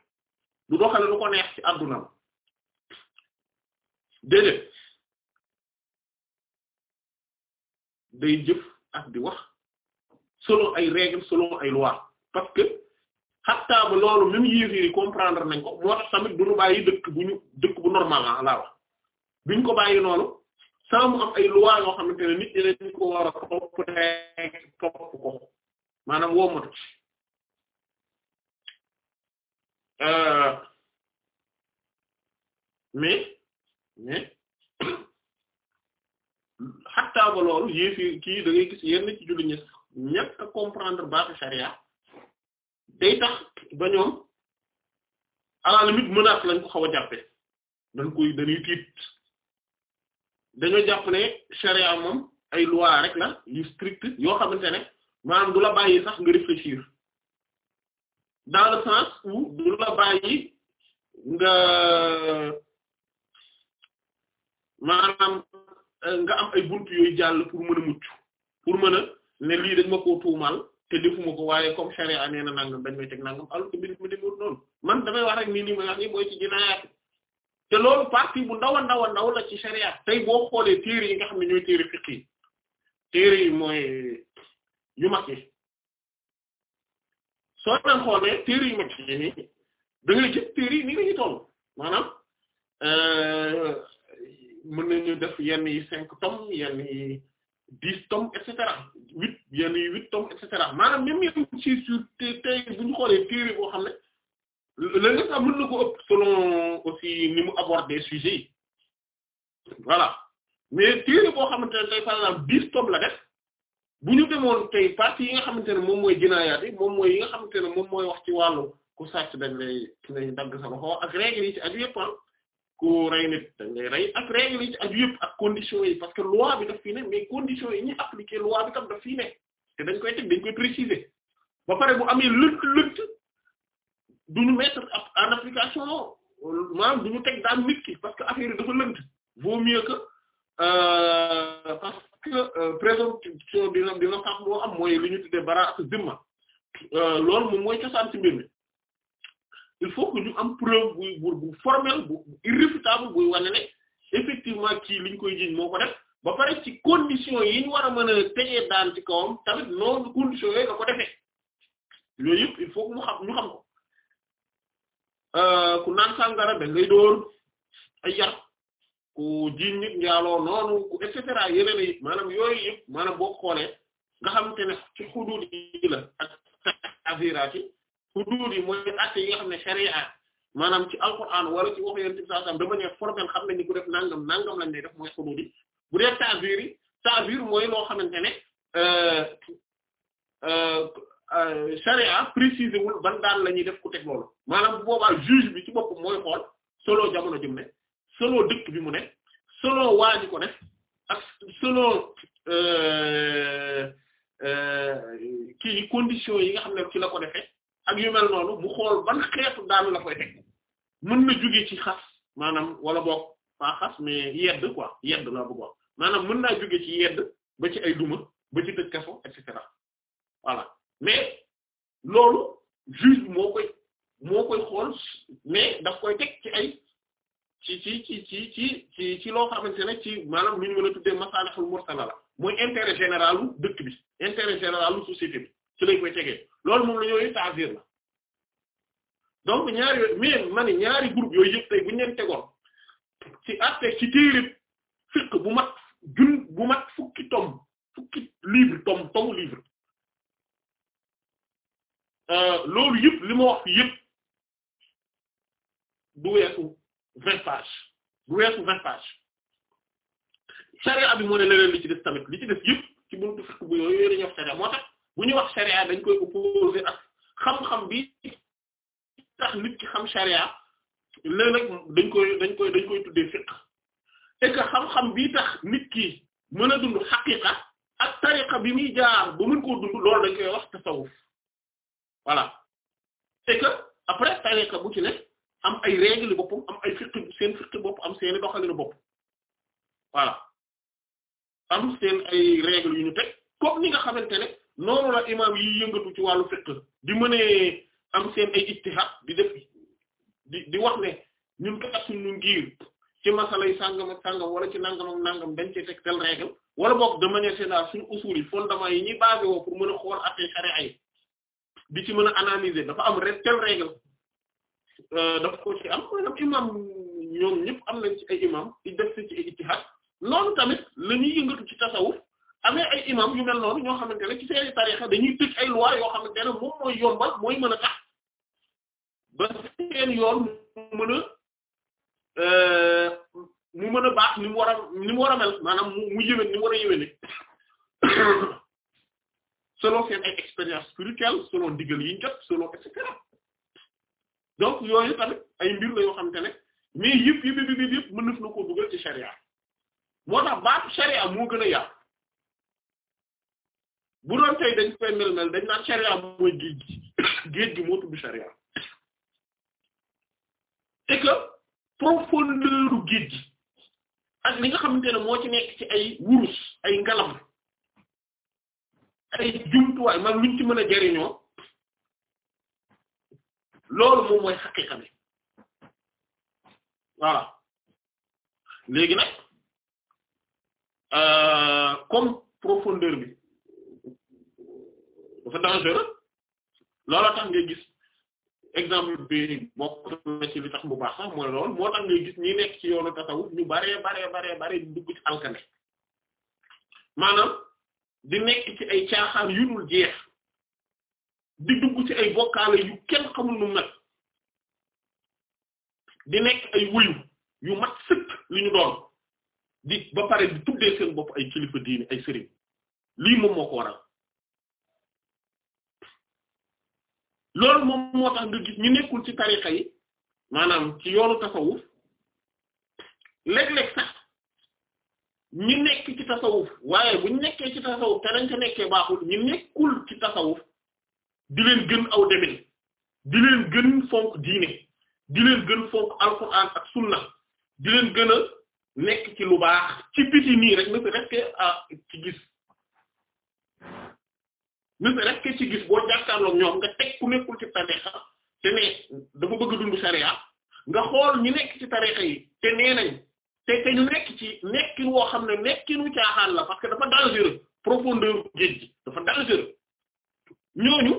S2: du doxale lu
S1: day jëf ak di wax
S2: selon ay règles selon ay lois parce que xattaa ba loolu même yéeféer yi comprendre nañ ko moo tax tamit du ñu bàyyi dëkk bu ñu dëkk bu normal ah, la biñ ko bàyyi noonu saa mu am ay luwaa yoo xamante ko maanaam woo euh, mais mais xattaa ba loolu yéefi kii da gis yenn ci jullit ñi ñàkk a comprendre baaxi charia day tax ba ñoom à la lañ ko xaw a jàppe dañ koy dañuy tiit dañoo jàpp ne charia moom ay loi rek la yu strict yoo xamante ne maanaam du la bàyyi sax nga réfléchir dans le sens où du la bàyyi nga maanaam euh, nga am ay buntu yo jàll pour mën a mucc pour mën a ne lii dañ ma koo tuumal te defuma ko waaye comme charia nee na nangam dañ may teg nangam alors que mbir mi demul noonu man damay wax rek nii nii may wax nii mooy ci jinaayaat te loolu partie bu ndaw a ndaw a la ci sharia tey boo xoolee téere yi nga xam ne ñooy téere fiqh yi téere yi mooy yu mag yi soo leen xoolee téere yu mag yi nii da ngay gis nii la toll maanaam euh, mën nañu def yenn yi cinq tomes yenn yi dix tomes et cetera huit yenn yi huit tomes et maanaam même yenn ci sur tey bu ñu xoolee téere boo xam ne. lënga sax mën na ko ëpp selon aussi ni mu aborder sujets yi voilà mais téere boo xamante ne tey par exemple la def bu ñu demoon tey partie yi nga xamante ne moom mooy jinaayaat yi moom mooy yi nga xamante ne moom mooy wax ci wàllu ku sàcc dañ lay dañ dagg sa loxo ak règle yi ci aju yëpp ah ku rey nit dañ lay rey ak règle yi ak condition yi parce que loi bi daf fii ne mais conditions yi ñuy appliquer loi bi tam daf fii ne te dañ koy teg dañ koy préciser ba pare bu du ñu mettre en application maanaam du ñu teg daan nit parce que affaire dafa lënt vaut mieux que euh, parce que euh, présomption dina dina sax am mooy li ñu tuddee bara ak zimma euh, loolu moom mooy cosaan ci mbir mi il faut que ñu am preuve bu formel bu irréfutable buy wane ne effectivement kii liñ koy jiñ moo ko def ba pare ci condition yi ñu mën a tegee daan ci kawam tamit noonu condition yooyu nga ko defee yooyu yëpp il faut que ñu xam ko Euh, ku naan sàngara da ngay dóor ay yar ku jiiñ nit njaaloo noonu ku et cetera yeneen yi maanaam yooyu yëpp maanaam boo xoolee nga xam te ne ci xuduud la ak xam ne maanaam ci alquran wala ci waxu yonent bi sallallahu alayhi wasallam de lañ def mooy xuduud yi bu dee ta'zir loo xamante ne euh, euh, charia euh, précisé ban daan la def ku teg loolu maanaam bu boobaa bi ci boppam mooy xool solo jamono jëm solo dëkk bi mu ne solo waa ko def ak solo euh, euh, kii condition yi nga xam ne ci la ko defee ak yu mel noonu mu xool ban xeetu daan la koy teg mën na jóge ci xas maanaam wala boog pas xas mais yedd quoi yedd laa bëgg maanaam mën naa jóge ci yedd ba ci ay duma ba ci tëj kaso et cetera mais loolu juge moo koy moo koy xool mais daf koy teg ci ay ci ci ci ci ci ci ci loo xamante ne ci maanaam lu ñu mën a tuddee masalihul mursala la mooy intérêt général u dëkk bi intérêt général société bi ci lañ koy tegee loolu moom la ñooyu tasir la donc ñaari mais ma ñaari groupe yooyu yëpp tey bu ñu leen tegoon ci atte ci téerib fiqh bu mat jun bu mat fukki tom fukki livre tom tomu livre Euh, loolu yëpp li ma wax fi yëpp du weesu vingt pages du weesu vingt pages sharia bi moo ne leneen li ci des tamit li ci des yëpp ci buntu fiqh bu yooyu yooyu dañuy wax sharia dañ koy opposer ak xam-xam bi tax nit ki xam sharia léeg dañ koy dañ koy dañ koy tuddee fiqh et xam-xam bi tax nit ki mën a dund xaqiqa ak tariqa bi muy jaar ba mën koo dund loolu dañ koy wax tasawuf voilà c'est que après tariqa bu ci ne am ay règle boppam am ay fiqh seen fiqh bopp am seeni doxalinu bopp voilà am seen ay règle yu ñu teg comme ni nga xamante ne noonu la imaam yi yëngatu ci wàllu fiqh di mënee am seen ay ijtihad di def di di wax ne ñun kat suñu ngir ci masala yi sàngam ak sàngam wala ci nangam ak nangam dañ cee teg tel règle wala boog de manière générale suñu usul yi fondement yi ñuy basé woo pour mën xool affaire charia yi di ci mën a analyser dafa am rek tel règle euh, dafa ko ci am maanaam imam ñoom ñëpp am nañ ci ay imam di def ci ay noonu tamit la yëngatu ci tasawuf amee ay imam yu mel noonu ñoo xamante ne ci seeni tarixa dañuy tëj ay loi yoo xamante ne moom mooy yombal mooy mën a tax ba seen yoon mu mën a euh, mu mën a baax ni mu war a ni mu war a mel maanaam mu mu ni mu war a yëwéne *coughs* selon seen ay expérience spirituelle selon digal yi ñu jot selon et cetera donc yooyu tamit ay mbir la yoo xamante mais yëpp yëpp yëpp yëpp yëpp na koo dugal ci charia moo tax baatu charia moo gën a yàqu bu doon tey dañ koy mel-mel dañ naan charia mooy géej gi *coughs* géej gi moo tudd charia c'est profondeur géej gi ak li nga xamante moo ci nekk ci ay wurus ay ngalam ay jumtuwaay man luñ ci mën a jariñoo loolu moom mooy xaqiqa bi voilà léegi nag euh, comme profondeur bi dafa dangereux loola tax ngay gis exemple bi bokk na ci li bu baax sax mooy loolu moo tax ngay gis ñi nekk ci yoonu tasawuf ñu baree baree baree baree dugg ci alkane maanaam di nekk ci ay caaxaan yu dul jeex di dugg ci ay bokkaale yu kenn xamul nu nag di nekk ay wuyu yu mat sëkk li ñu doon di ba pare di tuddee seen bopp ay kilifa diini ay sëriñ lii moom moo ko waral loolu moom moo tax nga gis ñu nekkul ci tarixa yi maanaam ci yoonu tasawuf léeg-léeg sax ñi nekk ci tasawuf waaye bu ñu nekkee ci tasawuf te dañ ko nekkee baaxul ñi nekkul ci tasawuf di leen gën aw demin di leen gën fonk diine di leen gën fonk alquran ak sunna di leen gën a nekk ci lu baax ci biti nii rek ne rek ah ci gis ne rek ci gis boo jàkkaarloog ñoom nga teg ku nekkul ci tarixa te ne dama bëgg dund sariya nga xool ñi nekk ci tarixa yi te nee nañ te te ñu nekk ci nekkin woo xam ne nekkinu caaxaan la parce dafa dangereux profondeur géej gi dafa dangereux ñooñu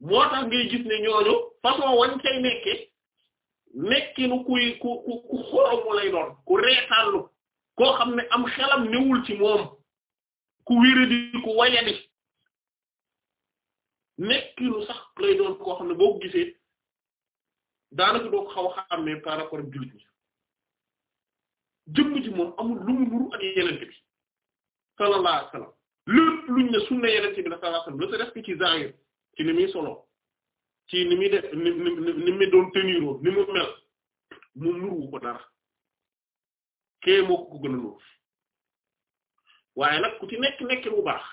S2: moo tax ngay gis ne ñooñu façon wañ cay nekke nekkinu kuy ku ku ku lay doon ku reetaanlu koo xam ne am xelam newul ci moom ku wéradi ku wayadi nekkinu sax lay doon koo xam ne boo ko gisee daanaka doo ko xaw a xam ne par rapport ak jëmm ji moom amul lu mu nuru ak yeneen bi sallallahu alayhi wasallam lépp luñ ne sunna bi sallallahu alayhi wasallam la sa def ci zahir ci ni muy solo ci ni muy def ni mu doon teniroo ni mu mel moom nuru ko dara kee moo ko ko nag bu baax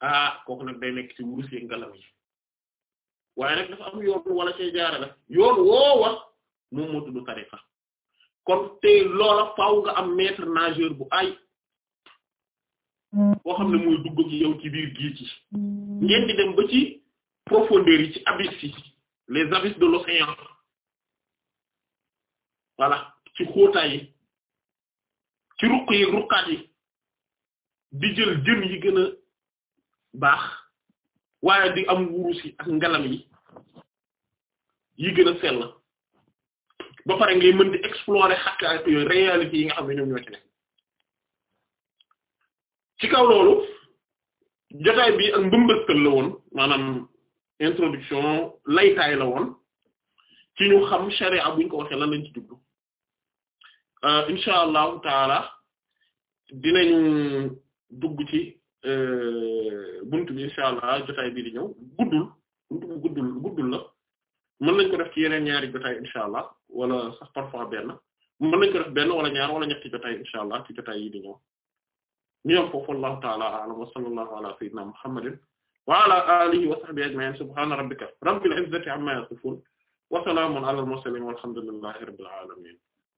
S2: ah kooku nag day nekk ci wurus yi ngelaw yi waaye nag dafa am yoon wala cee jaare la yoon woowa moom moo tudd tariqa kon te loola faaw nga am maître nageur bu ay boo xam ne mooy dugg ak yow ci biir géej gi ngeen di dem ba ci profondeur yi ci abysses yi les abysses de l'océan voilà ci xóotaay yi ci ruq yi ruqaat yi di jël jën yi gën a baax waaye di am wurus yi ak ngalam yi yi gën a sell ba pare ngay mën di explorer xàqaat yooyu réalité yi nga xam ne ci nekk ci kaw loolu jotaay bi ak mbëmbëstal la woon maanaam introduction laytaay la woon ci ñu xam sharia buñ ko waxee lan lañ ci jublu euh, insha allahu taala dinañu dugg ci euh, buntu bi insha allah jotaay bi di ñëw guddul buntu guddul guddul la mën nañ ko def ci yeneen ñaari jotaay incha allah wala sax parfois benn mën nañ ko def benn wala ñaar wala ñetti jotaay incha allah ci jotaay yi di ñëw ñu yem foofu wallahu ta'ala a'lam wa sallallahu ala sayyidina muhammadin wa ala alihi wa sahbihi ajma'in subhana rabbika rabbil izzati amma yasifun wa salamun ala al mursalin walhamdulillahi rabbil alamin